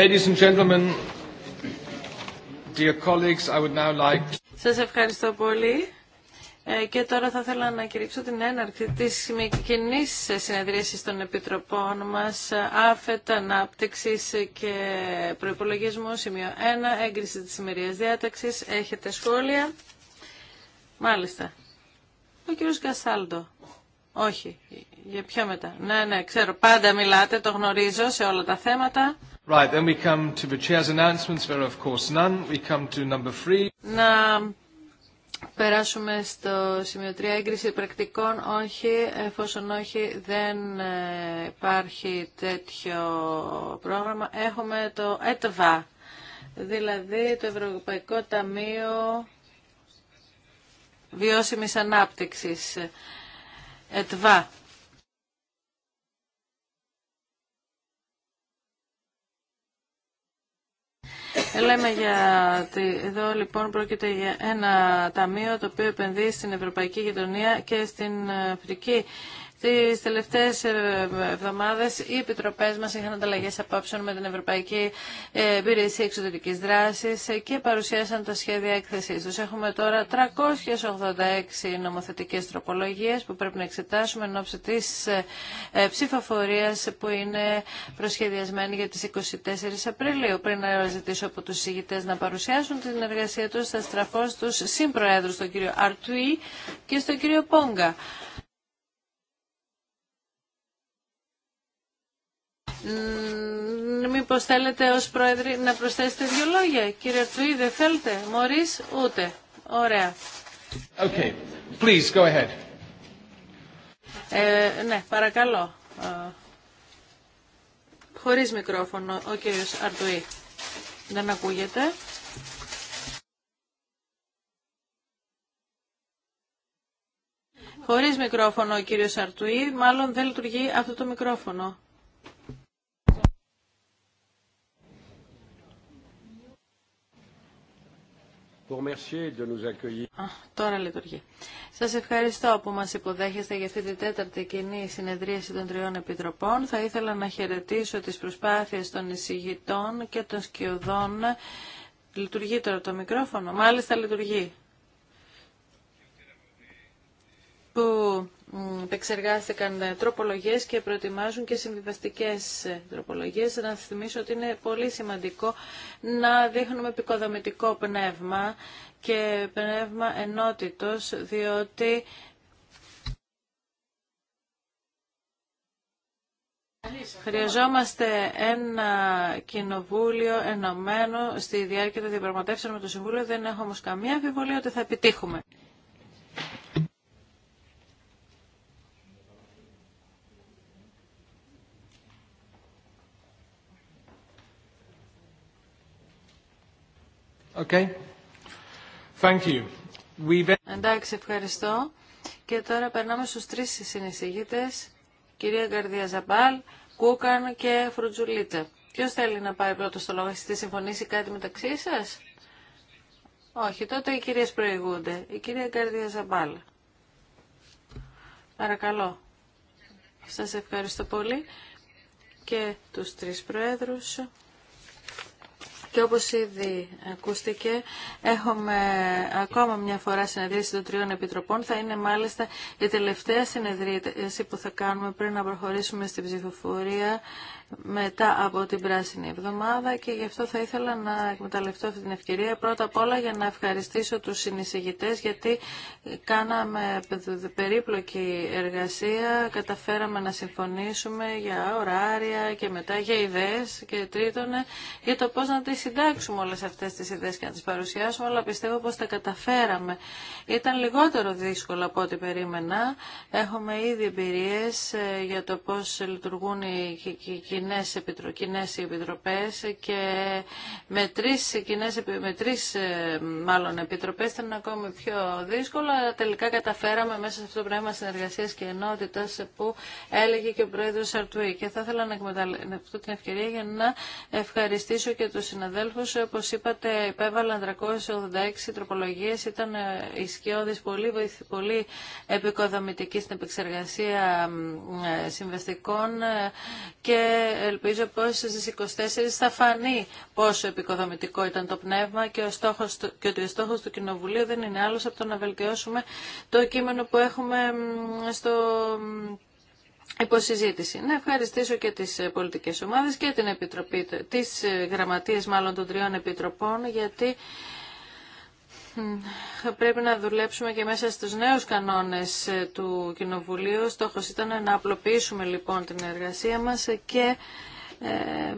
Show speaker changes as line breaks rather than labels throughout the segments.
Ladies and gentlemen, dear colleagues, I would now like... Σας ευχαριστώ πολύ. Ε, και τώρα θα ήθελα να κηρύξω την έναρξη της κοινή συνεδρίασης των Επιτροπών μας ΑΦΕΤ ανάπτυξη και προϋπολογισμού σημείο 1, έγκριση της ημερίας διάταξης. Έχετε σχόλια. Μάλιστα. Ο κύριος Κασάλντο. Όχι. Για ποιο μετά. Ναι, ναι, ξέρω. Πάντα μιλάτε, το γνωρίζω σε όλα τα θέματα. Right, then we come to the chair's announcements. There of course none. We come to number three. Να περάσουμε στο σημείο 3. Έγκριση πρακτικών. Όχι. Εφόσον όχι, δεν ε, υπάρχει τέτοιο πρόγραμμα. Έχουμε το ΕΤΒΑ. Δηλαδή το Ευρωπαϊκό Ταμείο Βιώσιμης Ανάπτυξης. ΕΤΒΑ. Ε, λέμε για... Εδώ λοιπόν πρόκειται για ένα ταμείο το οποίο επενδύει στην Ευρωπαϊκή Γειτονία και στην ε, Αφρική. Τις τελευταίε ε, εβδομάδες οι επιτροπέ μας είχαν ανταλλαγές απόψεων με την Ευρωπαϊκή ε, Υπηρεσία Εξωτερική δράση ε, και παρουσίασαν τα σχέδια έκθεσής του. Έχουμε τώρα 386 νομοθετικές τροπολογίες που πρέπει να εξετάσουμε εν ώψη τη ψηφοφορία που είναι προσχεδιασμένη για τις 24 Απριλίου. Πριν να ζητήσω από του να παρουσιάσουν την εργασία του θα στραφώ στου συμπροέδρου, τον κύριο Αρτουή και στον κύριο Πόγκα. Μηπω θέλετε ως πρόεδρε να προσθέσετε δύο λόγια. Κύριε Αρτουή δεν θέλετε. Μωρή, ούτε. Ωραία.
Okay. Please, go ahead.
Ε, ναι, παρακαλώ. Ε, χωρίς μικρόφωνο ο κύριο Αρτουή. Δεν ακούγεται. Χωρίς μικρόφωνο ο κύριος Αρτουή, μάλλον δεν λειτουργεί αυτό το μικρόφωνο.
τώρα λειτουργεί.
Σας ευχαριστώ που μα υποδέχεστε για αυτή τη τέταρτη κοινή συνεδρίαση των τριών επιτροπών. Θα ήθελα να χαιρετήσω τι προσπάθειε των εισηγητών και των σκιωδών. Λειτουργεί τώρα το μικρόφωνο. Μάλιστα λειτουργεί. που επεξεργάστηκαν ε, τροπολογίες και προετοιμάζουν και συμβιβαστικές ε, τροπολογίες. Να θυμίσω ότι είναι πολύ σημαντικό να δείχνουμε επικοδομητικό πνεύμα και πνεύμα ενότητος, διότι Χρειαζόμαστε ένα κοινοβούλιο ενωμένο στη διάρκεια των διαπραγματεύσεων με το Συμβούλιο. Δεν έχω όμω καμία αμφιβολία ότι θα επιτύχουμε. Εντάξει, ευχαριστώ. Και τώρα περνάμε στους τρεις συνεισηγητές, κυρία Γκαρδία Ζαμπάλ, Κούκαν και Φρουτζουλίτσα. Ποιο θέλει να πάει πρώτο στο λόγο, εσείς συμφωνήσει κάτι μεταξύ σας? Όχι, τότε οι κυρίες προηγούνται. Η κυρία Γκαρδία Ζαμπάλ. Παρακαλώ. Σας ευχαριστώ πολύ και τους τρεις προέδρους και όπως ήδη ακούστηκε έχουμε ακόμα μια φορά συνεδρίαση των τριών επιτροπών. Θα είναι μάλιστα η τελευταία συνεδρίαση που θα κάνουμε πριν να προχωρήσουμε στην ψηφοφορία μετά από την Πράσινη Εβδομάδα και γι' αυτό θα ήθελα να εκμεταλλευτώ αυτή την ευκαιρία πρώτα απ' όλα για να ευχαριστήσω τους συνεισηγητές γιατί κάναμε περίπλοκη εργασία, καταφέραμε να συμφωνήσουμε για ωράρια και μετά για ιδέες και τρίτον ε, για το πώς να συντάξουμε όλε αυτέ τι ιδέες και να τι παρουσιάσουμε, αλλά πιστεύω πώ τα καταφέραμε. Ήταν λιγότερο δύσκολο από ό,τι περίμενα. Έχουμε ήδη εμπειρίε ε, για το πώ λειτουργούν οι κοινέ επιτρο... επιτροπές και με τρει κοινές, ε, μάλλον επιτροπές ήταν ακόμη πιο δύσκολο, αλλά τελικά καταφέραμε μέσα σε αυτό το πνεύμα συνεργασία και ενότητα που έλεγε και ο πρόεδρος Σαρτουή Και θα ήθελα να εκμεταλλευτώ την ευκαιρία για να ευχαριστήσω και του συναδέλφου συναδέλφου, Όπως είπατε, υπέβαλαν 386 τροπολογίες. Ήταν ε, ισχυώδης, πολύ, πολύ επικοδομητική στην επεξεργασία ε, συμβαστικών ε, και ελπίζω πως στις 24 θα φανεί πόσο επικοδομητικό ήταν το πνεύμα και, ο στόχος και ότι ο στόχο του Κοινοβουλίου δεν είναι άλλο από το να βελτιώσουμε το κείμενο που έχουμε στο υποσυζήτηση. Να ευχαριστήσω και τις ε, πολιτικές ομάδες και την Επιτροπή, τις ε, γραμματείες μάλλον των τριών επιτροπών, γιατί πρέπει να δουλέψουμε και μέσα στους νέους κανόνες ε, του Κοινοβουλίου. Στόχος ήταν να απλοποιήσουμε λοιπόν την εργασία μας και ε,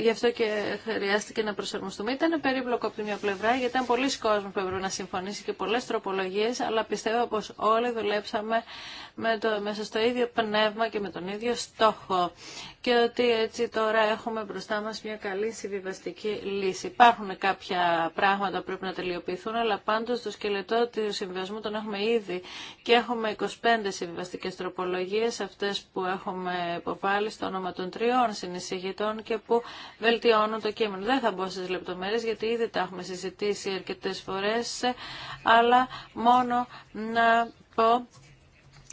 γι' αυτό και χρειάστηκε να προσαρμοστούμε. Ήταν περίπλοκο από τη μια πλευρά γιατί ήταν πολλοί κόσμοι που έπρεπε να συμφωνήσει και πολλέ τροπολογίε, αλλά πιστεύω πω όλοι δουλέψαμε με το, μέσα στο ίδιο πνεύμα και με τον ίδιο στόχο. Και ότι έτσι τώρα έχουμε μπροστά μα μια καλή συμβιβαστική λύση. Υπάρχουν κάποια πράγματα που πρέπει να τελειοποιηθούν, αλλά πάντω το σκελετό του συμβιβασμού τον έχουμε ήδη και έχουμε 25 συμβιβαστικέ τροπολογίε, αυτέ που έχουμε υποβάλει στο όνομα των τριών συνεισφέρων εισηγητών και που βελτιώνουν το κείμενο. Δεν θα μπω στις λεπτομέρειες γιατί ήδη τα έχουμε συζητήσει αρκετέ φορές, αλλά μόνο να πω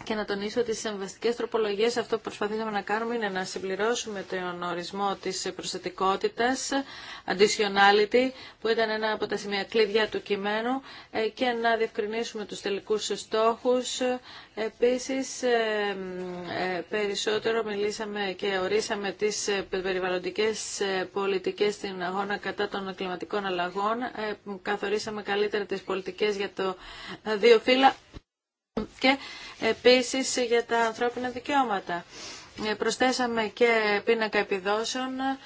και να τονίσω ότι στις εμβαστικέ τροπολογίες αυτό που προσπαθήσαμε να κάνουμε είναι να συμπληρώσουμε τον ορισμό της προσθετικότητα additionality, που ήταν ένα από τα σημεία κλειδιά του κειμένου ε, και να διευκρινίσουμε τους τελικούς στόχους. Επίση, ε, ε, περισσότερο μιλήσαμε και ορίσαμε τις περιβαλλοντικές πολιτικές στην αγώνα κατά των κλιματικών αλλαγών. Καθορίσαμε καλύτερα τι πολιτικέ για το δύο φύλλα και επίσης για τα ανθρώπινα δικαιώματα. Ε, προσθέσαμε και πίνακα επιδόσεων ε,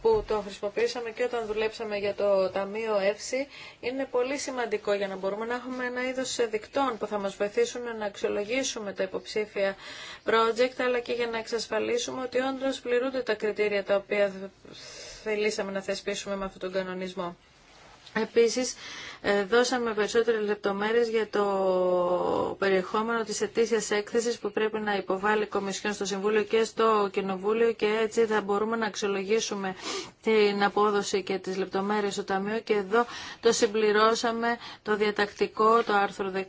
που το χρησιμοποιήσαμε και όταν δουλέψαμε για το Ταμείο Εύση είναι πολύ σημαντικό για να μπορούμε να έχουμε ένα είδος δικτών που θα μας βοηθήσουν να αξιολογήσουμε τα υποψήφια project αλλά και για να εξασφαλίσουμε ότι όντως πληρούνται τα κριτήρια τα οποία θελήσαμε να θεσπίσουμε με αυτόν τον κανονισμό. Επίσης, ε, δώσαμε περισσότερες λεπτομέρειες για το περιεχόμενο της ετήσιας έκθεσης που πρέπει να υποβάλει η Κομισιόν στο Συμβούλιο και στο Κοινοβούλιο και έτσι θα μπορούμε να αξιολογήσουμε την απόδοση και τις λεπτομέρειες του Ταμείου και εδώ το συμπληρώσαμε το διατακτικό, το άρθρο 17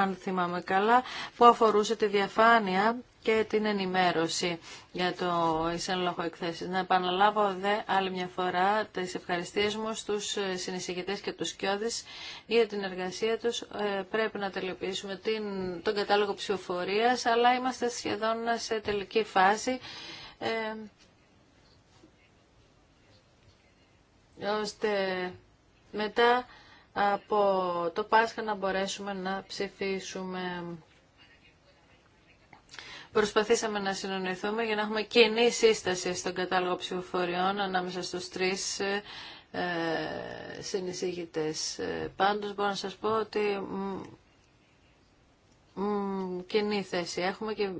αν θυμάμαι καλά, που αφορούσε τη διαφάνεια και την ενημέρωση για το εισέλογο εκθέσεις. Να επαναλάβω δε άλλη μια φορά τις ευχαριστίες μου στους συνεισηγητές και τους κοιόδης για την εργασία τους. Ε, πρέπει να τελειοποιήσουμε τον κατάλογο ψηφοφορίας, αλλά είμαστε σχεδόν σε τελική φάση. Ε, ώστε μετά από το Πάσχα να μπορέσουμε να ψηφίσουμε Προσπαθήσαμε να συνονιθούμε για να έχουμε κοινή σύσταση στον κατάλογο ψηφοφοριών ανάμεσα στους τρεις ε, συνεισήγητες. Ε, πάντως μπορώ να σας πω ότι μ, κοινή θέση έχουμε και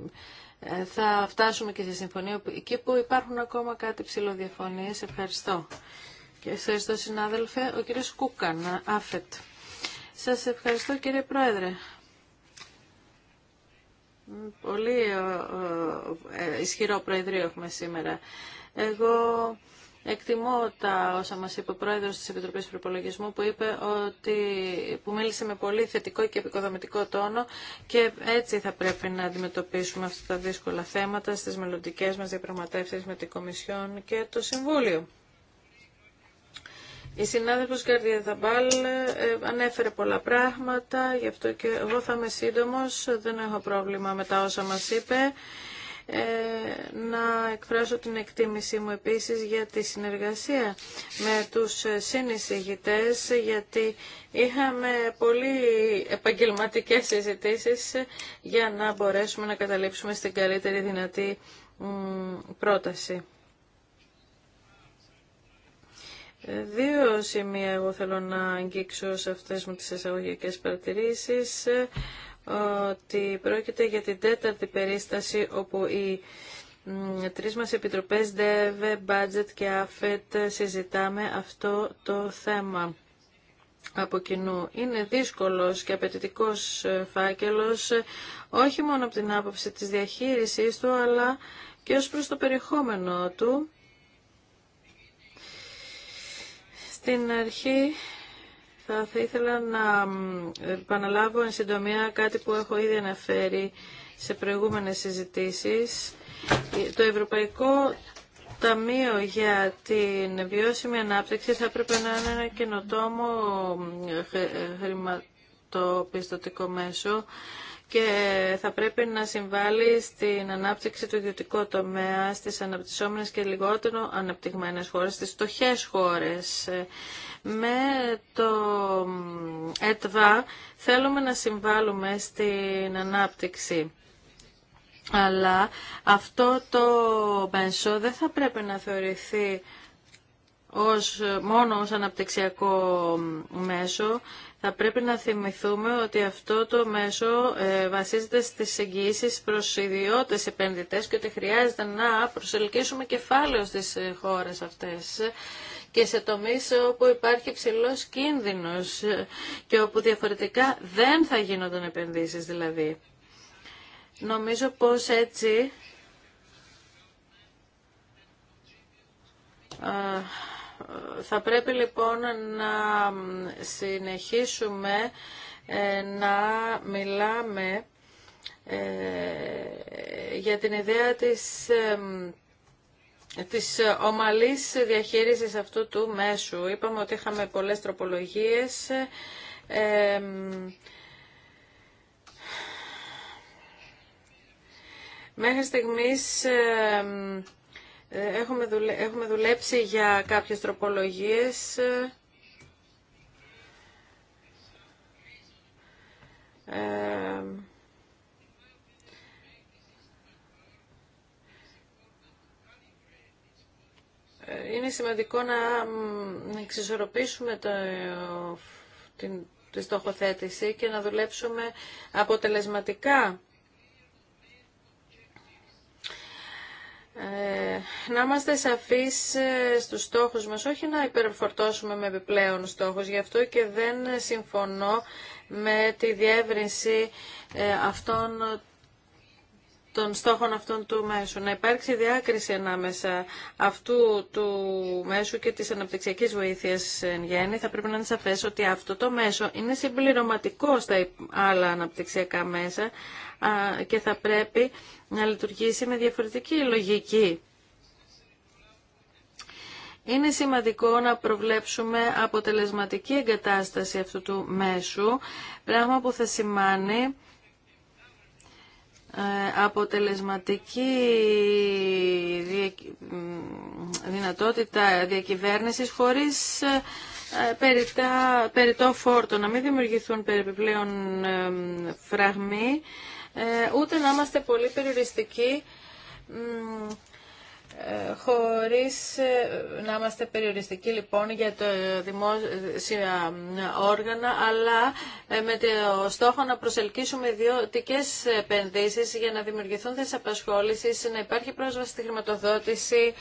ε, θα φτάσουμε και στη συμφωνία εκεί που υπάρχουν ακόμα κάτι ψηλοδιαφωνίες. Ευχαριστώ. Και ευχαριστώ συνάδελφε, ο κύριος Κούκαν, ΑΦΕΤ. Σας ευχαριστώ κύριε Πρόεδρε. Πολύ ε, ε, ε, ισχυρό προεδρείο έχουμε σήμερα. Εγώ εκτιμώ τα όσα μας είπε ο πρόεδρος της Επιτροπής Προπολογισμού που είπε ότι που μίλησε με πολύ θετικό και επικοδομητικό τόνο και έτσι θα πρέπει να αντιμετωπίσουμε αυτά τα δύσκολα θέματα στις μελλοντικέ μας διαπραγματεύσεις με την Κομισιόν και το Συμβούλιο. Η συνάδελφος Καρδία Δαμπάλ ε, ανέφερε πολλά πράγματα, γι' αυτό και εγώ θα είμαι σύντομος, δεν έχω πρόβλημα με τα όσα μας είπε. Ε, να εκφράσω την εκτίμησή μου επίσης για τη συνεργασία με τους συνεισηγητές γιατί είχαμε πολύ επαγγελματικές συζητήσεις για να μπορέσουμε να καταλήξουμε στην καλύτερη δυνατή πρόταση. Δύο σημεία εγώ θέλω να αγγίξω σε αυτές μου τις εισαγωγικές παρατηρήσεις ότι πρόκειται για την τέταρτη περίσταση όπου οι τρεις μας επιτροπές ΔΕΒΕ, Budget και ΑΦΕΤ συζητάμε αυτό το θέμα από κοινού. Είναι δύσκολος και απαιτητικός ε, φάκελος όχι μόνο από την άποψη της διαχείρισης του αλλά και ως προς το περιεχόμενο του Στην αρχή θα, θα ήθελα να επαναλάβω εν συντομία κάτι που έχω ήδη αναφέρει σε προηγούμενες συζητήσεις. Το Ευρωπαϊκό Ταμείο για την Βιώσιμη Ανάπτυξη θα έπρεπε να είναι ένα καινοτόμο ε, χρηματικό το πιστοτικό μέσο και θα πρέπει να συμβάλλει στην ανάπτυξη του ιδιωτικού τομέα στις αναπτυσσόμενες και λιγότερο αναπτυγμένες χώρες, στις στοχές χώρες. Με το ΕΤΒΑ θέλουμε να συμβάλλουμε στην ανάπτυξη. Αλλά αυτό το μέσο δεν θα πρέπει να θεωρηθεί ως, μόνο ως αναπτυξιακό μέσο, θα πρέπει να θυμηθούμε ότι αυτό το μέσο ε, βασίζεται στις εγγυήσεις προς ιδιώτες επενδυτές και ότι χρειάζεται να προσελκύσουμε κεφάλαιο στις ε, χώρες αυτές και σε τομείς όπου υπάρχει ψηλός κίνδυνος και όπου διαφορετικά δεν θα γίνονταν επενδύσεις δηλαδή. Νομίζω πως έτσι ε, θα πρέπει λοιπόν να συνεχίσουμε ε, να μιλάμε ε, για την ιδέα της της ομαλής διαχείρισης αυτού του μέσου. Είπαμε ότι είχαμε πολλές τροπολογίες. μέχρι στιγμής... Ε, έχουμε, δουλέψει για κάποιες τροπολογίες. Ε, ε, είναι σημαντικό να εξισορροπήσουμε το, την, τη στοχοθέτηση και να δουλέψουμε αποτελεσματικά Ε, να είμαστε σαφείς ε, στους στόχους μας, όχι να υπερφορτώσουμε με επιπλέον στόχους. Γι' αυτό και δεν συμφωνώ με τη διεύρυνση ε, αυτών των στόχων αυτών του μέσου. Να υπάρξει διάκριση ανάμεσα αυτού του μέσου και της αναπτυξιακής βοήθειας εν γέννη. Θα πρέπει να είναι σαφές ότι αυτό το μέσο είναι συμπληρωματικό στα άλλα αναπτυξιακά μέσα, και θα πρέπει να λειτουργήσει με διαφορετική λογική. Είναι σημαντικό να προβλέψουμε αποτελεσματική εγκατάσταση αυτού του μέσου, πράγμα που θα σημάνει ε, αποτελεσματική δυνατότητα διακυβέρνησης χωρίς ε, περιτά, περιτό φόρτο, να μην δημιουργηθούν περιπλέον ε, φραγμοί ε, ούτε να είμαστε πολύ περιοριστικοί ε, χωρίς ε, να είμαστε περιοριστικοί λοιπόν για το δημόσια όργανα αλλά με το στόχο να προσελκύσουμε ιδιωτικέ επενδύσεις για να δημιουργηθούν θέσεις απασχόλησης, να υπάρχει πρόσβαση στη χρηματοδότηση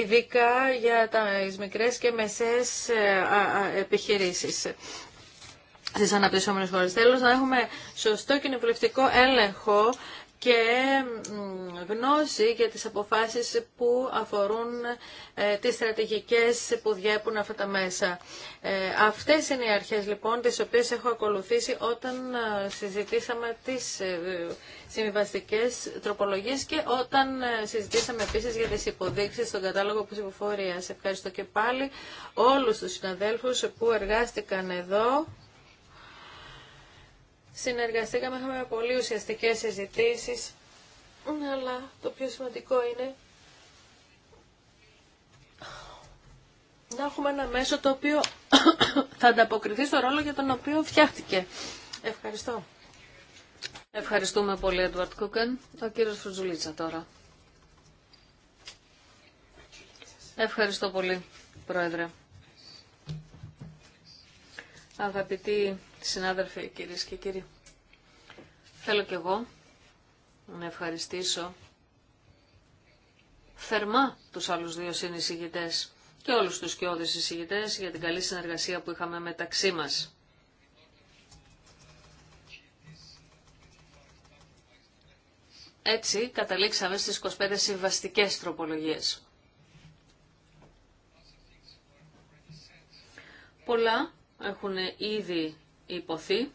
ειδικά για τα μικρές και μεσές επιχειρήσεις στις αναπτυσσόμενες χώρες. Θέλω να έχουμε σωστό κοινοβουλευτικό έλεγχο και γνώση για τις αποφάσεις που αφορούν ε, τις στρατηγικές που διέπουν αυτά τα μέσα. Ε, αυτές είναι οι αρχές λοιπόν τις οποίες έχω ακολουθήσει όταν ε, συζητήσαμε τις συμβιβαστικές τροπολογίες και όταν συζητήσαμε επίσης για τις υποδείξεις στον κατάλογο ψηφοφορίας. Ευχαριστώ και πάλι όλους τους συναδέλφους που εργάστηκαν εδώ συνεργαστήκαμε, είχαμε πολύ ουσιαστικές συζητήσεις, ναι, αλλά το πιο σημαντικό είναι να έχουμε ένα μέσο το οποίο θα ανταποκριθεί στο ρόλο
για τον οποίο φτιάχτηκε. Ευχαριστώ. Ευχαριστούμε πολύ, Έντουαρτ Κούκεν. Ο κύριος Φρουτζουλίτσα τώρα. Ευχαριστώ πολύ, Πρόεδρε. Αγαπητοί συνάδελφοι, κυρίε και κύριοι. Θέλω κι εγώ να ευχαριστήσω θερμά τους άλλους δύο συνεισηγητές και όλους τους κοιόδες συζητητές για την καλή συνεργασία που είχαμε μεταξύ μας. Έτσι καταλήξαμε στις 25 συμβαστικές τροπολογίες. Πολλά έχουν ήδη υποθεί.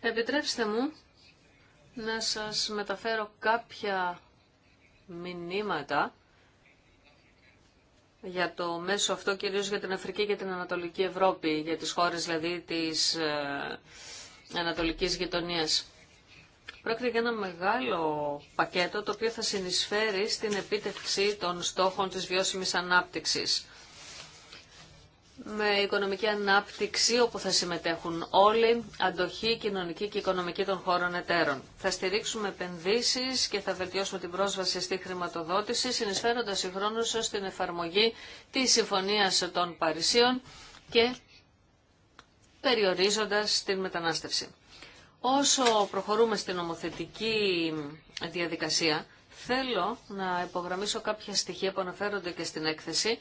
Επιτρέψτε μου να σας μεταφέρω κάποια μηνύματα για το μέσο αυτό, κυρίως για την Αφρική και την Ανατολική Ευρώπη, για τις χώρες δηλαδή της ε, Ανατολικής Γειτονίας. Πρόκειται για ένα μεγάλο πακέτο το οποίο θα συνεισφέρει στην επίτευξη των στόχων της βιώσιμης ανάπτυξης με οικονομική ανάπτυξη όπου θα συμμετέχουν όλοι, αντοχή κοινωνική και οικονομική των χώρων εταίρων. Θα στηρίξουμε επενδύσει και θα βελτιώσουμε την πρόσβαση στη χρηματοδότηση, συνεισφέροντα συγχρόνω στην εφαρμογή τη συμφωνία των Παρισίων και περιορίζοντα την μετανάστευση. Όσο προχωρούμε στην νομοθετική διαδικασία, θέλω να υπογραμμίσω κάποια στοιχεία που αναφέρονται και στην έκθεση,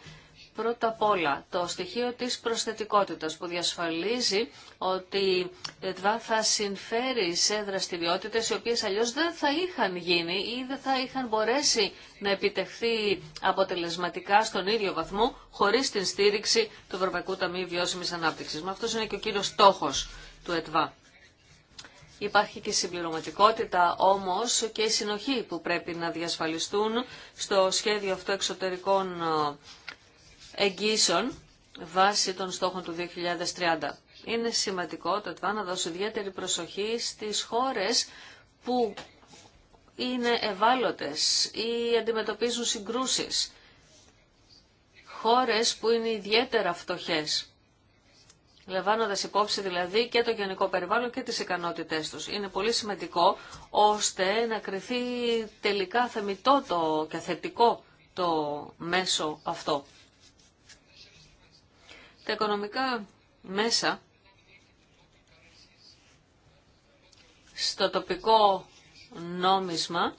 Πρώτα απ' όλα το στοιχείο της προσθετικότητας που διασφαλίζει ότι η ΕΤΒΑ θα συμφέρει σε δραστηριότητες οι οποίες αλλιώς δεν θα είχαν γίνει ή δεν θα είχαν μπορέσει να επιτευχθεί αποτελεσματικά στον ίδιο βαθμό χωρίς την στήριξη του Ευρωπαϊκού Ταμείου Βιώσιμης Ανάπτυξης. Με αυτός είναι και ο κύριος στόχος του ΕΤΒΑ. Υπάρχει και συμπληρωματικότητα όμως και η συνοχή που πρέπει να διασφαλιστούν στο σχέδιο αυτό εξωτερικών εγγύσεων βάσει των στόχων του 2030. Είναι σημαντικό το να δώσει ιδιαίτερη προσοχή στις χώρες που είναι ευάλωτες ή αντιμετωπίζουν συγκρούσεις. Χώρες που είναι ιδιαίτερα φτωχές. Λεβάνοντας υπόψη δηλαδή και το γενικό περιβάλλον και τις ικανότητές τους. Είναι πολύ σημαντικό ώστε να κρυθεί τελικά θεμητό το και θετικό το μέσο αυτό. Τα οικονομικά μέσα στο τοπικό νόμισμα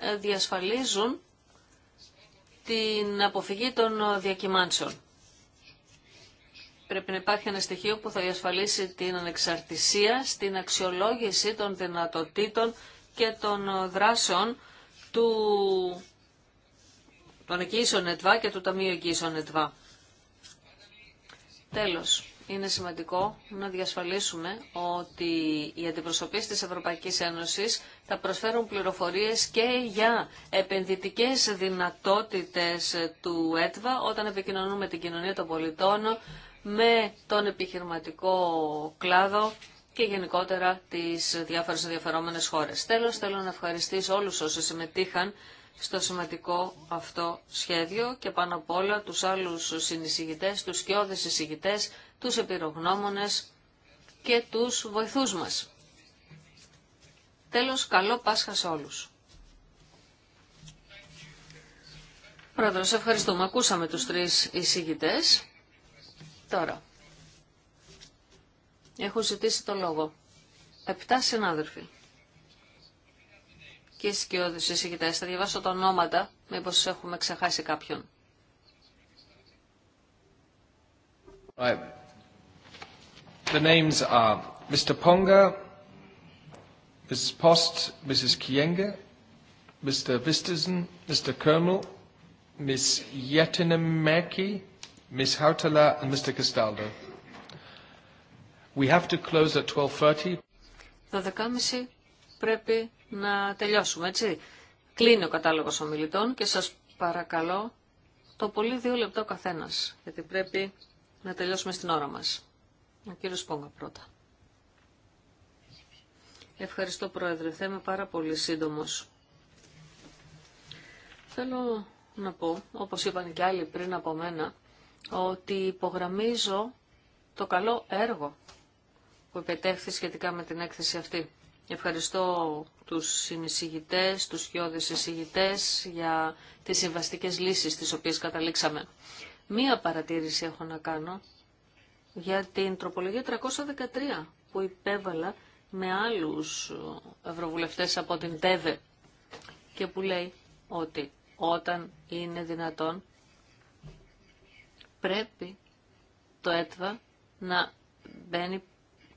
ε, διασφαλίζουν την αποφυγή των διακυμάνσεων. Πρέπει να υπάρχει ένα στοιχείο που θα διασφαλίσει την ανεξαρτησία στην αξιολόγηση των δυνατοτήτων και των δράσεων του, των εκείσων ΕΤΒΑ και του Ταμείου εκείσων ΕΤΒΑ. Τέλος, είναι σημαντικό να διασφαλίσουμε ότι οι αντιπροσωπείς της Ευρωπαϊκής Ένωσης θα προσφέρουν πληροφορίες και για επενδυτικές δυνατότητες του ΕΤΒΑ όταν επικοινωνούμε την κοινωνία των πολιτών με τον επιχειρηματικό κλάδο και γενικότερα τις διάφορες ενδιαφερόμενες χώρες. Τέλος, θέλω να ευχαριστήσω όλους όσοι συμμετείχαν στο σημαντικό αυτό σχέδιο και πάνω απ' όλα τους άλλους συνεισηγητές, τους σκιώδες εισηγητές, τους επιρογνώμονες και τους βοηθούς μας. Τέλος, καλό Πάσχα σε όλους. Πρόεδρος, ευχαριστούμε. Ακούσαμε τους τρεις εισηγητές. Τώρα, έχω ζητήσει το λόγο. Επτά συνάδελφοι και σκιώδης εισηγητές. Θα διαβάσω τα ονόματα, μήπως έχουμε ξεχάσει κάποιον. Right. The names are Mr. Ponga, Mrs. Post, Mrs. Kienge, Mr. Vistesen, Mr. Kermel, Ms. Yetinemäki, Ms. Hautala and Mr. Castaldo. We have to close at 12.30. 12.30 πρέπει να τελειώσουμε, έτσι. Κλείνει ο κατάλογος ομιλητών και σας παρακαλώ το πολύ δύο λεπτό καθένας, γιατί πρέπει να τελειώσουμε στην ώρα μας. Ο κύριος Πόγκα πρώτα. Ευχαριστώ Πρόεδρε, θα είμαι πάρα πολύ σύντομο. Θέλω να πω, όπως είπαν και άλλοι πριν από μένα, ότι υπογραμμίζω το καλό έργο που επιτέχθη σχετικά με την έκθεση αυτή. Ευχαριστώ τους συνεισηγητές, τους χιώδες εισηγητές για τις συμβαστικές λύσεις τις οποίες καταλήξαμε. Μία παρατήρηση έχω να κάνω για την τροπολογία 313 που υπέβαλα με άλλους ευρωβουλευτές από την ΤΕΒΕ και που λέει ότι όταν είναι δυνατόν πρέπει το έτβα να μπαίνει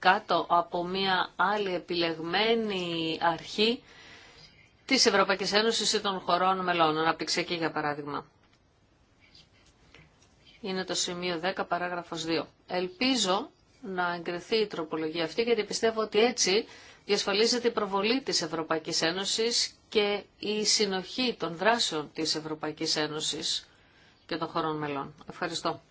κάτω από μια άλλη επιλεγμένη αρχή τη Ευρωπαϊκή Ένωση η τροπολογία εκεί, για γιατί πιστεύω ότι έτσι διασφαλίζεται η προβολή της Ευρωπαϊκής Ένωσης και η συνοχή των δράσεων της Ευρωπαϊκής Ένωσης και των χωρών μελών. Ευχαριστώ.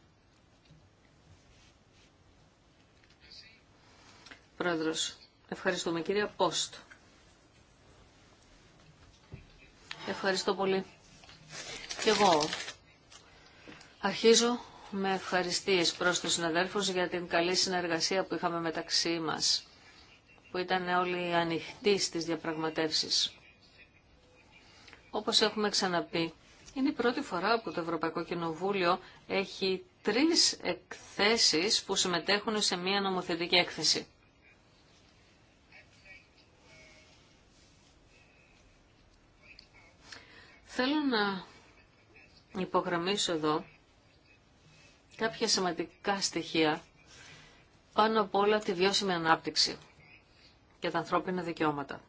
Πρόεδρος. Ευχαριστούμε κυρία Πόστ. Ευχαριστώ πολύ. Και εγώ αρχίζω με ευχαριστίες προς τους συναδέλφους για την καλή συνεργασία που είχαμε μεταξύ μας, που ήταν όλοι ανοιχτοί στις διαπραγματεύσεις. Όπως έχουμε ξαναπεί, είναι η πρώτη φορά που το Ευρωπαϊκό Κοινοβούλιο έχει τρεις εκθέσεις που συμμετέχουν σε μία νομοθετική έκθεση. Θέλω να υπογραμμίσω εδώ κάποια σημαντικά στοιχεία πάνω από όλα τη βιώσιμη ανάπτυξη και τα ανθρώπινα δικαιώματα.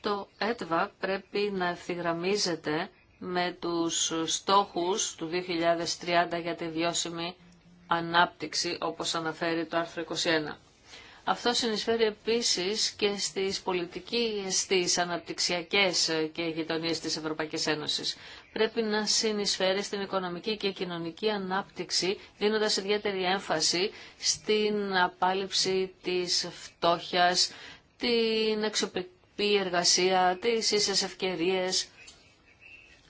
Το ΕΤΒΑ πρέπει να ευθυγραμμίζεται με τους στόχους του 2030 για τη βιώσιμη ανάπτυξη, όπως αναφέρει το άρθρο 21. Αυτό συνεισφέρει επίσης και στις πολιτικές, στις αναπτυξιακές και γειτονίε της Ευρωπαϊκής Ένωσης. Πρέπει να συνεισφέρει στην οικονομική και κοινωνική ανάπτυξη, δίνοντας ιδιαίτερη έμφαση στην απάλληψη της φτώχειας, την εξοπλική εργασία, τις ίσες ευκαιρίες,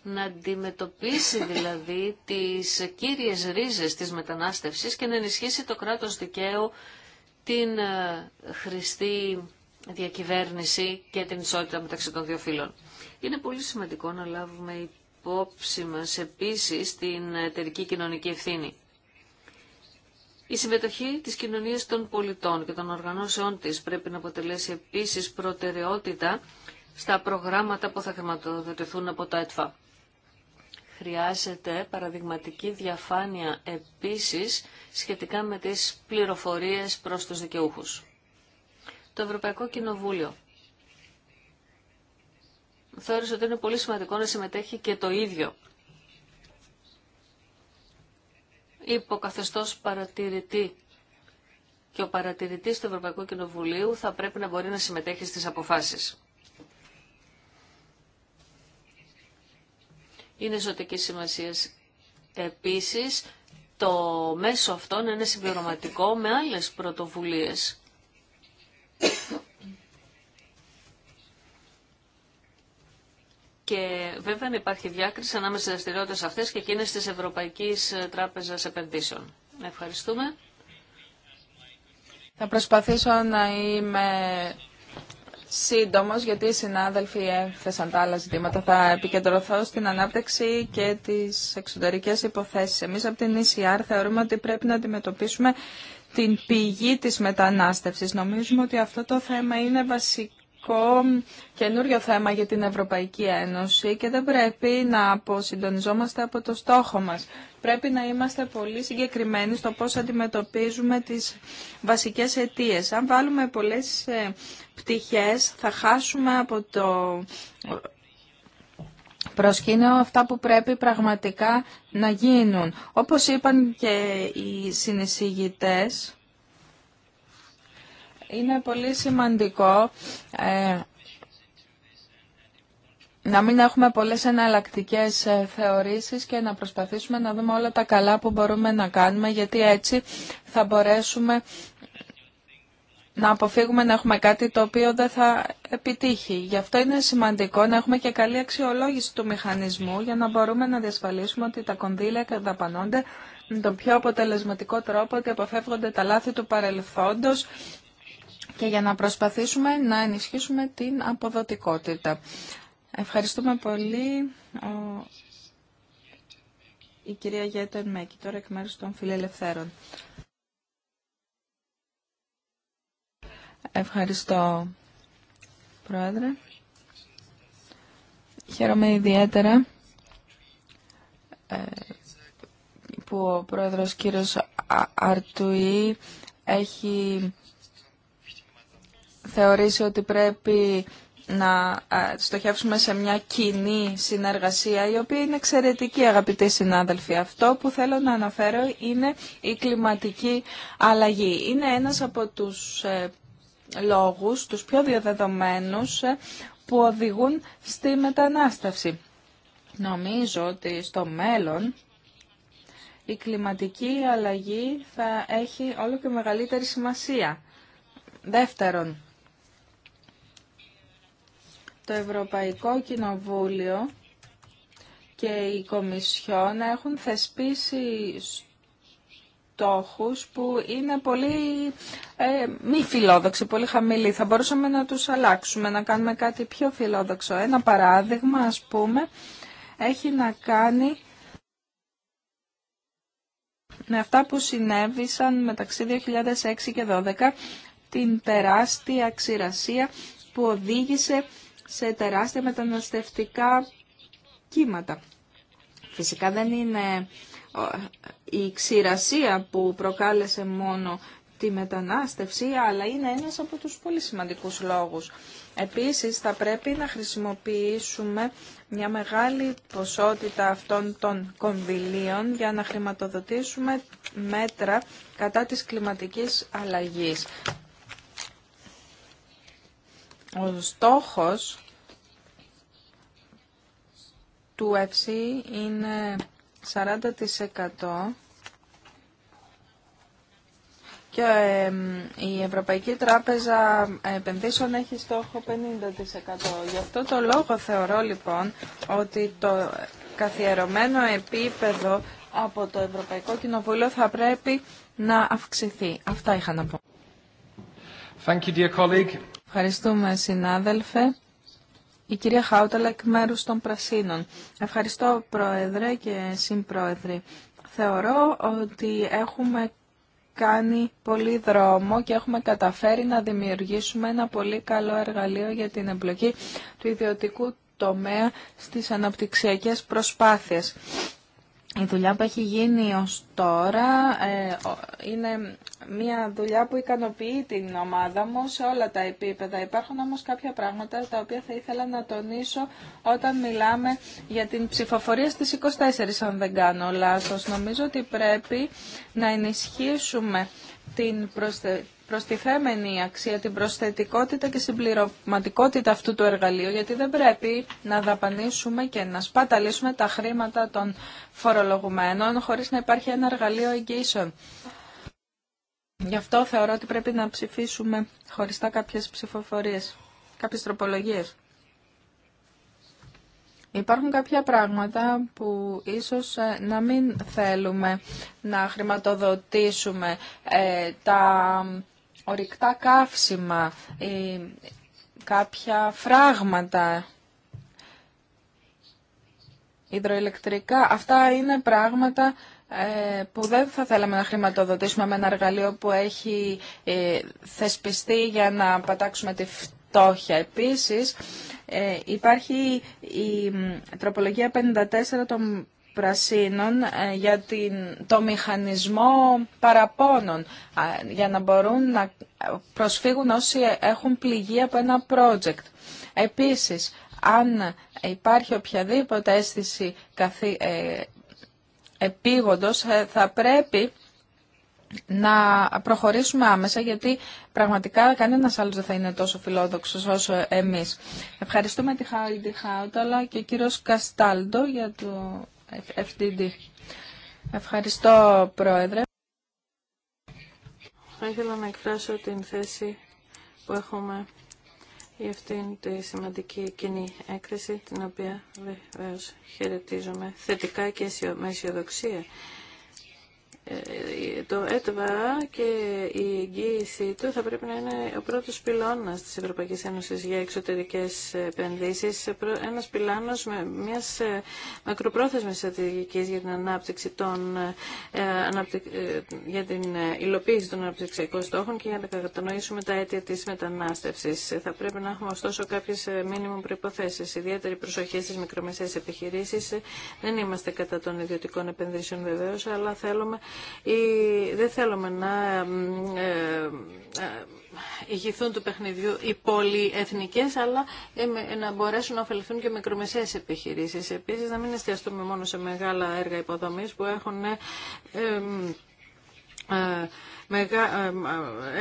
να αντιμετωπίσει δηλαδή τις κύριες ρίζες της μετανάστευσης και να ενισχύσει το κράτος δικαίου την ε, χρηστή διακυβέρνηση και την ισότητα μεταξύ των δύο φύλων. Είναι πολύ σημαντικό να λάβουμε υπόψη μας επίσης την εταιρική κοινωνική ευθύνη. Η συμμετοχή της κοινωνίας των πολιτών και των οργανώσεών της πρέπει να αποτελέσει επίσης προτεραιότητα στα προγράμματα που θα χρηματοδοτηθούν από τα ΕΤΦΑ. Χρειάζεται παραδειγματική διαφάνεια επίσης σχετικά με τις πληροφορίες προς τους δικαιούχους. Το Ευρωπαϊκό Κοινοβούλιο θεώρησε ότι είναι πολύ σημαντικό να συμμετέχει και το ίδιο υποκαθεστώς παρατηρητή και ο παρατηρητής του Ευρωπαϊκού Κοινοβουλίου θα πρέπει να μπορεί να συμμετέχει στις αποφάσεις. είναι ζωτική σημασία. Επίσης, το μέσο αυτό να είναι συμπληρωματικό με άλλες πρωτοβουλίες. Και βέβαια υπάρχει διάκριση ανάμεσα στι δραστηριότητε αυτές και εκείνες τη Ευρωπαϊκή Τράπεζα Επενδύσεων.
Ευχαριστούμε. Θα προσπαθήσω να είμαι σύντομο, γιατί οι συνάδελφοι έφεσαν τα άλλα ζητήματα. Θα επικεντρωθώ στην ανάπτυξη και τι εξωτερικέ υποθέσει. Εμεί από την ECR θεωρούμε ότι πρέπει να αντιμετωπίσουμε την πηγή της μετανάστευσης. Νομίζουμε ότι αυτό το θέμα είναι βασικό σημαντικό καινούριο θέμα για την Ευρωπαϊκή Ένωση και δεν πρέπει να αποσυντονιζόμαστε από το στόχο μας. Πρέπει να είμαστε πολύ συγκεκριμένοι στο πώς αντιμετωπίζουμε τις βασικές αιτίες. Αν βάλουμε πολλές ε, πτυχές θα χάσουμε από το προσκήνιο αυτά που πρέπει πραγματικά να γίνουν. Όπως είπαν και οι συνεισηγητές, είναι πολύ σημαντικό ε, να μην έχουμε πολλές εναλλακτικέ ε, θεωρήσεις και να προσπαθήσουμε να δούμε όλα τα καλά που μπορούμε να κάνουμε, γιατί έτσι θα μπορέσουμε να αποφύγουμε να έχουμε κάτι το οποίο δεν θα επιτύχει. Γι' αυτό είναι σημαντικό να έχουμε και καλή αξιολόγηση του μηχανισμού για να μπορούμε να διασφαλίσουμε ότι τα κονδύλια καταπανώνται με τον πιο αποτελεσματικό τρόπο, ότι αποφεύγονται τα λάθη του παρελθόντος και για να προσπαθήσουμε να ενισχύσουμε την αποδοτικότητα. Ευχαριστούμε πολύ η κυρία Γέτεν Μέκη, τώρα εκ μέρους των φιλελευθέρων. Ευχαριστώ, Πρόεδρε. Χαίρομαι ιδιαίτερα ε, που ο Πρόεδρος κύριος Αρτουή έχει θεωρήσει ότι πρέπει να ε, στοχεύσουμε σε μια κοινή συνεργασία η οποία είναι εξαιρετική αγαπητοί συνάδελφοι. Αυτό που θέλω να αναφέρω είναι η κλιματική αλλαγή. Είναι ένας από τους ε, λόγους, τους πιο διαδεδομένους ε, που οδηγούν στη μετανάστευση. Νομίζω ότι στο μέλλον η κλιματική αλλαγή θα έχει όλο και μεγαλύτερη σημασία. Δεύτερον, το Ευρωπαϊκό Κοινοβούλιο και η Κομισιόν έχουν θεσπίσει στόχους που είναι πολύ ε, μη φιλόδοξοι, πολύ χαμηλοί. Θα μπορούσαμε να τους αλλάξουμε, να κάνουμε κάτι πιο φιλόδοξο. Ένα παράδειγμα, ας πούμε, έχει να κάνει με αυτά που συνέβησαν μεταξύ 2006 και 2012, την τεράστια ξηρασία που οδήγησε σε τεράστια μεταναστευτικά κύματα. Φυσικά δεν είναι η ξηρασία που προκάλεσε μόνο τη μετανάστευση, αλλά είναι ένας από τους πολύ σημαντικούς λόγους. Επίσης, θα πρέπει να χρησιμοποιήσουμε μια μεγάλη ποσότητα αυτών των κονδυλίων για να χρηματοδοτήσουμε μέτρα κατά της κλιματικής αλλαγής. Ο στόχος του FC είναι 40% και η Ευρωπαϊκή Τράπεζα Επενδύσεων έχει στόχο 50%. Γι' αυτό το λόγο θεωρώ λοιπόν ότι το καθιερωμένο επίπεδο από το Ευρωπαϊκό Κοινοβούλιο θα πρέπει να αυξηθεί. Αυτά είχα να πω.
Thank you,
dear colleague.
Ευχαριστούμε συνάδελφε. Η κυρία Χάουταλα εκ μέρους των Πρασίνων. Ευχαριστώ Πρόεδρε και Συμπρόεδρε. Θεωρώ ότι έχουμε κάνει πολύ δρόμο και έχουμε καταφέρει να δημιουργήσουμε ένα πολύ καλό εργαλείο για την εμπλοκή του ιδιωτικού τομέα στις αναπτυξιακές προσπάθειες η δουλειά που έχει γίνει ως τώρα ε, είναι μια δουλειά που ικανοποιεί την ομάδα μου σε όλα τα επίπεδα. Υπάρχουν όμως κάποια πράγματα τα οποία θα ήθελα να τονίσω όταν μιλάμε για την ψηφοφορία στις 24, αν δεν κάνω λάθος. Νομίζω ότι πρέπει να ενισχύσουμε την προσθε... προστιθέμενη αξία, την προσθετικότητα και συμπληρωματικότητα αυτού του εργαλείου, γιατί δεν πρέπει να δαπανίσουμε και να σπαταλίσουμε τα χρήματα των φορολογουμένων χωρίς να υπάρχει ένα εργαλείο εγγύσεων. Γι' αυτό θεωρώ ότι πρέπει να ψηφίσουμε χωριστά κάποιες ψηφοφορίες, κάποιες τροπολογίες. Υπάρχουν κάποια πράγματα που ίσως ε, να μην θέλουμε να χρηματοδοτήσουμε. Ε, τα ορυκτά καύσιμα, κάποια φράγματα, υδροηλεκτρικά. Αυτά είναι πράγματα ε, που δεν θα θέλαμε να χρηματοδοτήσουμε με ένα εργαλείο που έχει θεσπιστεί για να πατάξουμε τη φτώχεια φτώχεια. Επίσης, ε, υπάρχει η τροπολογία 54 των Πρασίνων ε, για την, το μηχανισμό παραπώνων, για να μπορούν να προσφύγουν όσοι έχουν πληγεί από ένα project. Επίσης, αν υπάρχει οποιαδήποτε αίσθηση καθή, ε, επίγοντος, θα πρέπει να προχωρήσουμε άμεσα γιατί πραγματικά κανένας άλλος δεν θα είναι τόσο φιλόδοξος όσο εμείς. Ευχαριστούμε τη Χάλντι Χάουταλα και ο κύριος Καστάλντο για το FDD. Ευχαριστώ Πρόεδρε.
Θα ήθελα να εκφράσω την θέση που έχουμε για αυτήν τη σημαντική κοινή έκθεση την οποία βεβαίω χαιρετίζουμε θετικά και με αισιοδοξία. Ε, το ΕΤΒΑ και η εγγύησή του θα πρέπει να είναι ο πρώτος πυλώνας της Ευρωπαϊκής Ένωσης για εξωτερικές επενδύσεις, ένας πυλώνας με μιας ε, μακροπρόθεσμης στρατηγικής για την ανάπτυξη των, ε, για την υλοποίηση των αναπτυξιακών στόχων και για να κατανοήσουμε τα αίτια της μετανάστευσης. Θα πρέπει να έχουμε ωστόσο κάποιες μήνυμου προϋποθέσεις, ιδιαίτερη προσοχή στις μικρομεσαίες επιχειρήσεις. Δεν είμαστε κατά των ιδιωτικών επενδύσεων βεβαίως, αλλά θέλουμε δεν θέλουμε να ε, ε, ηγηθούν του παιχνιδιού οι πολυεθνικές, αλλά ε, να μπορέσουν να ωφεληθούν και μικρομεσαίες επιχειρήσεις. Επίσης, να μην εστιαστούμε μόνο σε μεγάλα έργα υποδομής που έχουν ε,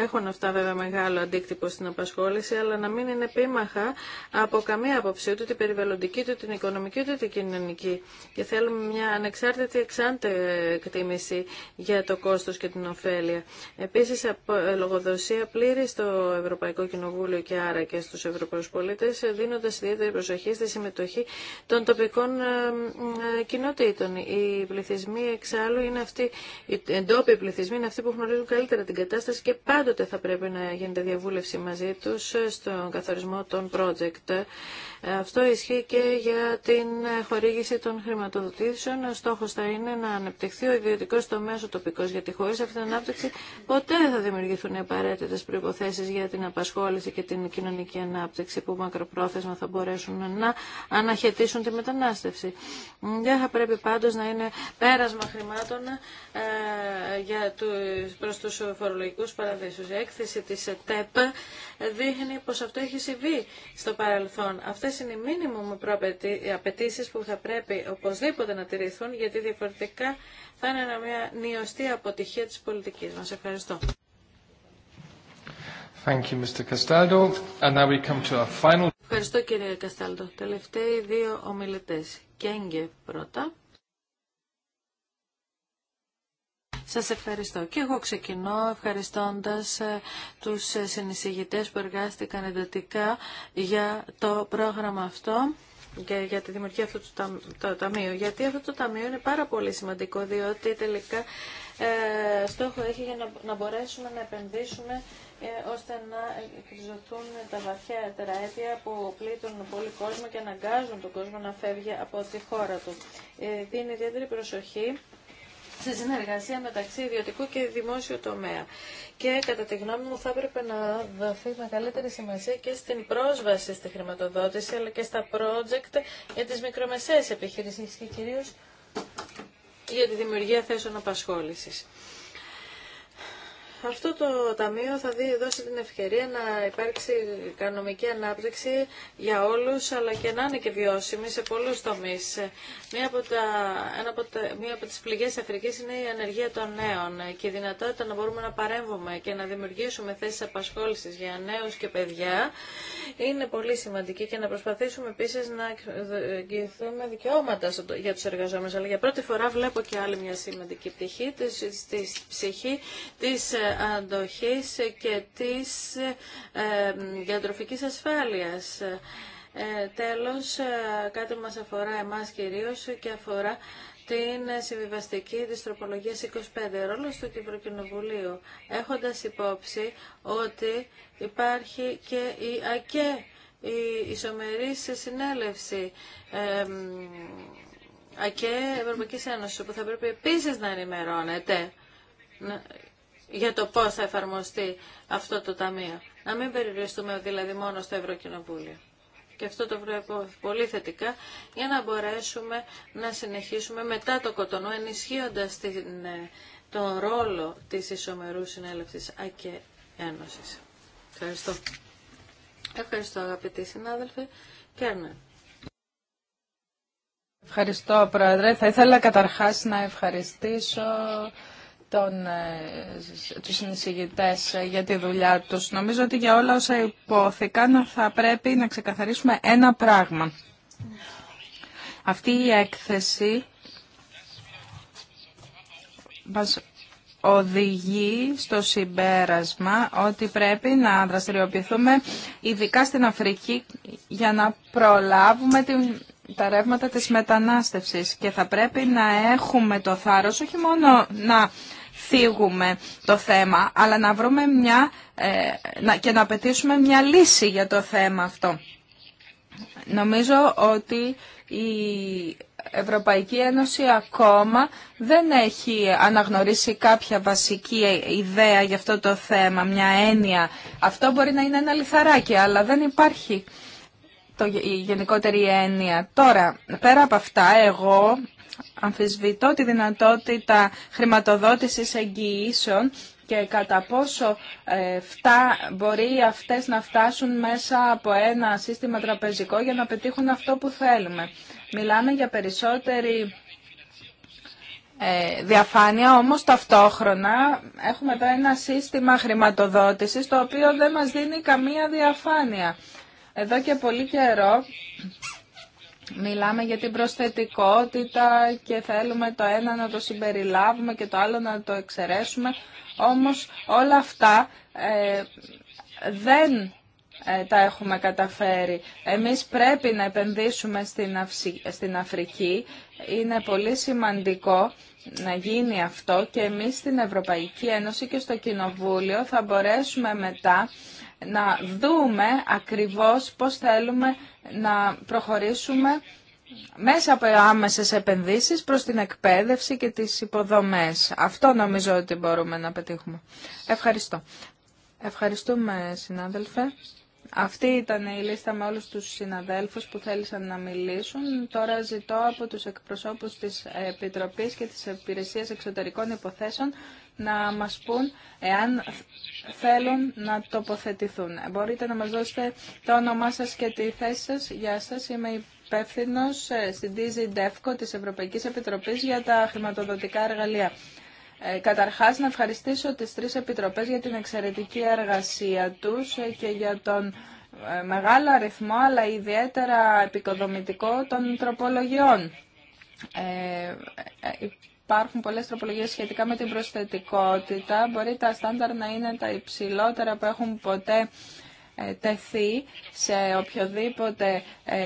έχουν αυτά βέβαια μεγάλο αντίκτυπο στην απασχόληση, αλλά να μην είναι επίμαχα από καμία άποψη, ούτε την περιβαλλοντική, ούτε την οικονομική, ούτε την κοινωνική. Και θέλουμε μια ανεξάρτητη εξάντε εκτίμηση για το κόστο και την ωφέλεια. Επίσης, ε, λογοδοσία πλήρη στο Ευρωπαϊκό Κοινοβούλιο και άρα και στου Ευρωπαίου πολίτε, δίνοντα ιδιαίτερη προσοχή στη συμμετοχή των τοπικών ε, κοινοτήτων. Οι πληθυσμοί εξάλλου είναι αυτοί, οι εντόπιοι πληθυσμοί είναι αυτοί που γνωρίζουν καλύτερα την κατάσταση και πάντοτε θα πρέπει να γίνεται διαβούλευση μαζί τους στον καθορισμό των project αυτό ισχύει και για την χορήγηση των χρηματοδοτήσεων. Ο στόχο θα είναι να ανεπτυχθεί ο ιδιωτικό τομέα ο τοπικό, γιατί χωρί αυτή την ανάπτυξη ποτέ δεν θα δημιουργηθούν οι απαραίτητε προποθέσει για την απασχόληση και την κοινωνική ανάπτυξη που μακροπρόθεσμα θα μπορέσουν να αναχαιτήσουν τη μετανάστευση. Δεν θα πρέπει πάντω να είναι πέρασμα χρημάτων προ ε, του φορολογικού παραδείσου. Η έκθεση τη ΕΤΕΠ δείχνει πω αυτό έχει συμβεί στο παρελθόν. Αυτές είναι οι μήνυμοι απαιτήσει που θα πρέπει οπωσδήποτε να τηρηθούν, γιατί διαφορετικά θα είναι μια νιωστή αποτυχία της πολιτικής μας. Ευχαριστώ. Ευχαριστώ κύριε Καστάλτο. Τελευταίοι δύο ομιλητές. Κέγγε πρώτα. Σας ευχαριστώ. Και εγώ ξεκινώ ευχαριστώντας ε, τους ε, συνεισηγητές που εργάστηκαν εντατικά για το πρόγραμμα αυτό και για τη δημιουργία αυτού του ταμείου. Γιατί αυτό το ταμείο είναι πάρα πολύ σημαντικό, διότι τελικά ε, στόχο έχει για να, μπορέσουμε να επενδύσουμε ε, ώστε να εκριζωθούν τα βαθιά τεραέτια που πλήττουν πολύ κόσμο και αναγκάζουν τον κόσμο να φεύγει από τη χώρα του. Ε, δίνει ιδιαίτερη προσοχή στη συνεργασία μεταξύ ιδιωτικού και δημόσιου τομέα. Και κατά τη γνώμη μου θα έπρεπε να δοθεί μεγαλύτερη σημασία και στην πρόσβαση στη χρηματοδότηση αλλά και στα project για τις μικρομεσαίες επιχειρήσεις και κυρίως για τη δημιουργία θέσεων απασχόλησης. Αυτό το Ταμείο θα δώσει την ευκαιρία να υπάρξει οικονομική ανάπτυξη για όλους, αλλά και να είναι και βιώσιμη σε πολλούς τομείς. Μία από, τα, ένα από, τα, από τις πληγές Αφρικής είναι η ανεργία των νέων και η δυνατότητα να μπορούμε να παρέμβουμε και να δημιουργήσουμε θέσεις απασχόλησης για νέους και παιδιά είναι πολύ σημαντική και να προσπαθήσουμε επίσης να εγγυηθούμε δικαιώματα για τους εργαζόμενους. Αλλά για πρώτη φορά βλέπω και άλλη μια σημαντική πτυχή, τη ψυχή της ε, αντοχής και της διατροφικής ασφάλειας. Ε, τέλος, ε, κάτι που μας αφορά εμάς κυρίως και αφορά την συμβιβαστική της 25, ρόλος του Κυπροκοινοβουλίου, έχοντας υπόψη ότι υπάρχει και η ΑΚΕ, η ισομερή Συνέλευση ε, ΑΚΕ Ευρωπαϊκής Ένωσης, που θα πρέπει επίσης να ενημερώνεται για το πώς θα εφαρμοστεί αυτό το ταμείο. Να μην περιοριστούμε δηλαδή μόνο στο Ευρωκοινοβούλιο. Και αυτό το βλέπω πολύ θετικά για να μπορέσουμε να συνεχίσουμε μετά το κοτονό ενισχύοντας την, ε, τον ρόλο της Ισομερού Συνέλευσης ΑΚΕ Ένωσης. Ευχαριστώ. Ευχαριστώ αγαπητοί συνάδελφοι. Κέρνα.
Ευχαριστώ Πρόεδρε. Θα ήθελα καταρχάς να ευχαριστήσω τον, ε, τους συνεισηγητές για τη δουλειά τους. Νομίζω ότι για όλα όσα υπόθηκαν θα πρέπει να ξεκαθαρίσουμε ένα πράγμα. Αυτή η έκθεση μας οδηγεί στο συμπέρασμα ότι πρέπει να δραστηριοποιηθούμε ειδικά στην Αφρική για να προλάβουμε την τα ρεύματα της μετανάστευσης και θα πρέπει να έχουμε το θάρρος όχι μόνο να φύγουμε το θέμα, αλλά να βρούμε μια ε, και να απαιτήσουμε μια λύση για το θέμα αυτό. Νομίζω ότι η Ευρωπαϊκή Ένωση ακόμα δεν έχει αναγνωρίσει κάποια βασική ιδέα για αυτό το θέμα, μια έννοια. Αυτό μπορεί να είναι ένα λιθαράκι, αλλά δεν υπάρχει το, η γενικότερη έννοια. Τώρα, πέρα από αυτά, εγώ αμφισβητώ τη δυνατότητα χρηματοδότησης εγγυήσεων και κατά πόσο ε, φτά, μπορεί αυτές να φτάσουν μέσα από ένα σύστημα τραπεζικό για να πετύχουν αυτό που θέλουμε. Μιλάμε για περισσότερη ε, διαφάνεια, όμως ταυτόχρονα έχουμε εδώ ένα σύστημα χρηματοδότησης το οποίο δεν μας δίνει καμία διαφάνεια. Εδώ και πολύ καιρό μιλάμε για την προσθετικότητα και θέλουμε το ένα να το συμπεριλάβουμε και το άλλο να το εξαιρέσουμε. Όμως όλα αυτά ε, δεν ε, τα έχουμε καταφέρει. Εμείς πρέπει να επενδύσουμε στην, στην Αφρική. Είναι πολύ σημαντικό να γίνει αυτό και εμείς στην Ευρωπαϊκή Ένωση και στο Κοινοβούλιο θα μπορέσουμε μετά να δούμε ακριβώς πώς θέλουμε να προχωρήσουμε μέσα από άμεσες επενδύσεις προς την εκπαίδευση και τις υποδομές. Αυτό νομίζω ότι μπορούμε να πετύχουμε. Ευχαριστώ. Ευχαριστούμε συνάδελφε. Αυτή ήταν η λίστα με όλους τους συναδέλφους που θέλησαν να μιλήσουν. Τώρα ζητώ από τους εκπροσώπους της Επιτροπής και της Υπηρεσίας Εξωτερικών Υποθέσεων να μας πούν εάν θέλουν να τοποθετηθούν. Μπορείτε να μας δώσετε το όνομά σας και τη θέση σας. Γεια σας, είμαι υπεύθυνο ε, στην DG DEFCO της Ευρωπαϊκής Επιτροπής για τα χρηματοδοτικά εργαλεία. Ε, καταρχάς, να ευχαριστήσω τις τρεις επιτροπές για την εξαιρετική εργασία τους ε, και για τον ε, μεγάλο αριθμό, αλλά ιδιαίτερα επικοδομητικό των τροπολογιών υπάρχουν πολλές τροπολογίες σχετικά με την προσθετικότητα. Μπορεί τα στάνταρ να είναι τα υψηλότερα που έχουν ποτέ ε, τεθεί σε οποιοδήποτε ε,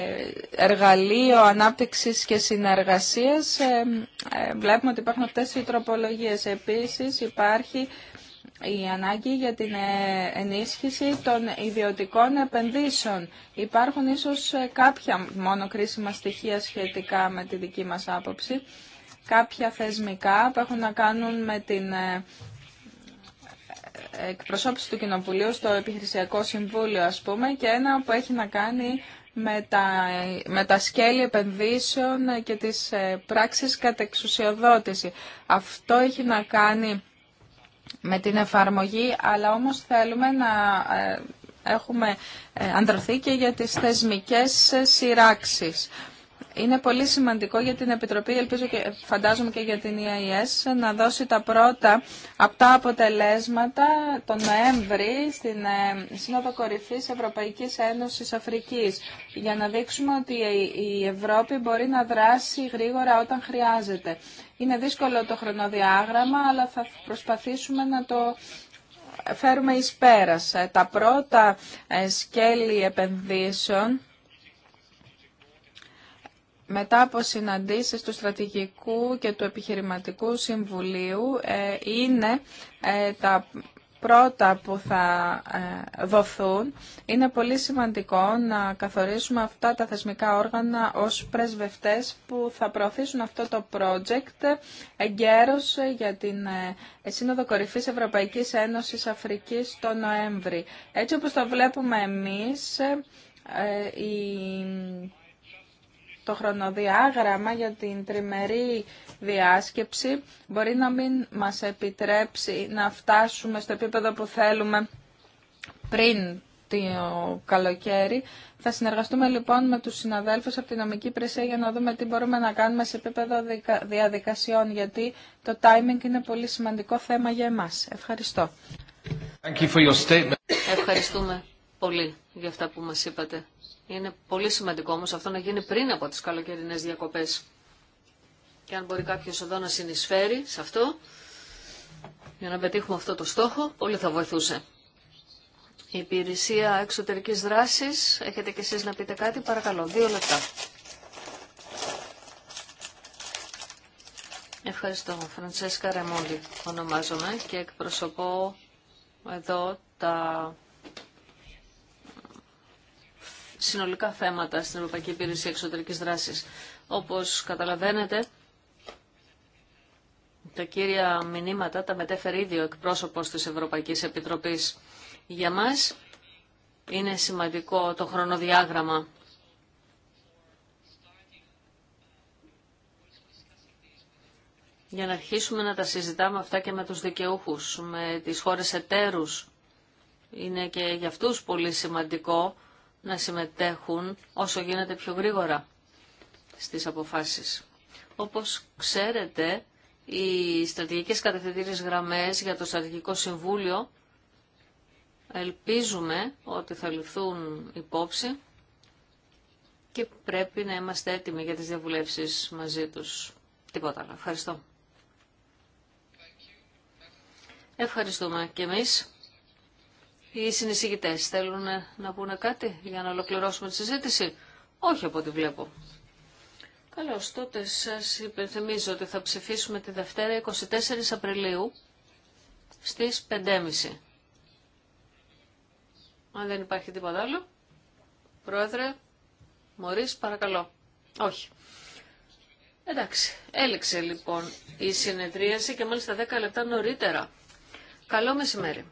εργαλείο ανάπτυξης και συνεργασίας. Ε, βλέπουμε ότι υπάρχουν αυτές οι τροπολογίες. Επίσης υπάρχει η ανάγκη για την ενίσχυση των ιδιωτικών επενδύσεων. Υπάρχουν ίσως κάποια μόνο κρίσιμα στοιχεία σχετικά με τη δική μας άποψη κάποια θεσμικά που έχουν να κάνουν με την ε, ε, εκπροσώπηση του Κοινοβουλίου στο Επιχειρησιακό Συμβούλιο, ας πούμε, και ένα που έχει να κάνει με τα, με τα σκέλη επενδύσεων και τις ε, πράξεις εξουσιοδότηση. Αυτό έχει να κάνει με την εφαρμογή, αλλά όμως θέλουμε να έχουμε ανδρωθεί και για τις θεσμικές σειράξεις. Είναι πολύ σημαντικό για την Επιτροπή, ελπίζω και φαντάζομαι και για την EIS, να δώσει τα πρώτα από τα αποτελέσματα τον Νοέμβρη στην ε, Σύνοδο Κορυφής Ευρωπαϊκής Ένωσης Αφρικής, για να δείξουμε ότι η Ευρώπη μπορεί να δράσει γρήγορα όταν χρειάζεται. Είναι δύσκολο το χρονοδιάγραμμα, αλλά θα προσπαθήσουμε να το φέρουμε εις πέρας. Τα πρώτα ε, σκέλη επενδύσεων μετά από συναντήσεις του Στρατηγικού και του Επιχειρηματικού Συμβουλίου ε, είναι ε, τα πρώτα που θα ε, δοθούν. Είναι πολύ σημαντικό να καθορίσουμε αυτά τα θεσμικά όργανα ως πρεσβευτές που θα προωθήσουν αυτό το project εγκαίρως για την Σύνοδο Κορυφής Ευρωπαϊκής Ένωσης Αφρικής το Νοέμβρη. Έτσι όπως το βλέπουμε εμείς, η το χρονοδιάγραμμα για την τριμερή διάσκεψη μπορεί να μην μας επιτρέψει να φτάσουμε στο επίπεδο που θέλουμε πριν το καλοκαίρι. Θα συνεργαστούμε λοιπόν με τους συναδέλφους από την νομική υπηρεσία για να δούμε τι μπορούμε να κάνουμε σε επίπεδο διαδικασιών, γιατί το timing είναι πολύ σημαντικό θέμα για εμάς. Ευχαριστώ. Ευχαριστούμε
πολύ για αυτά που μας είπατε. Είναι πολύ σημαντικό όμως αυτό να γίνει πριν από τις καλοκαιρινές διακοπές. Και αν μπορεί κάποιος εδώ να συνεισφέρει σε αυτό, για να πετύχουμε αυτό το στόχο, όλοι θα βοηθούσε. Η υπηρεσία εξωτερικής δράσης, έχετε κι εσείς να πείτε κάτι, παρακαλώ, δύο λεπτά. Ευχαριστώ. Φραντσέσκα Ρεμόντι ονομάζομαι και εκπροσωπώ εδώ τα συνολικά θέματα στην Ευρωπαϊκή Υπηρεσία Εξωτερικής Δράσης. Όπως καταλαβαίνετε, τα κύρια μηνύματα τα μετέφερε ήδη ο εκπρόσωπος της Ευρωπαϊκής Επιτροπής. Για μας είναι σημαντικό το χρονοδιάγραμμα. Για να αρχίσουμε να τα συζητάμε αυτά και με τους δικαιούχους, με τις χώρες εταίρους. Είναι και για αυτούς πολύ σημαντικό να συμμετέχουν όσο γίνεται πιο γρήγορα στις αποφάσεις. Όπως ξέρετε, οι στρατηγικές κατευθυντήριες γραμμές για το Στρατηγικό Συμβούλιο ελπίζουμε ότι θα ληφθούν υπόψη και πρέπει να είμαστε έτοιμοι για τις διαβουλεύσεις μαζί τους. Τίποτα άλλο. Ευχαριστώ. Ευχαριστούμε και εμείς. Οι συνεισηγητέ θέλουν να πούνε κάτι για να ολοκληρώσουμε τη συζήτηση. Όχι από ό,τι βλέπω. Καλώ τότε σα υπενθυμίζω ότι θα ψηφίσουμε τη Δευτέρα 24 Απριλίου στι 5.30. Αν δεν υπάρχει τίποτα άλλο. Πρόεδρε, Μωρή, παρακαλώ. Όχι. Εντάξει, έληξε λοιπόν η συνεδρίαση και μάλιστα 10 λεπτά νωρίτερα. Καλό μεσημέρι.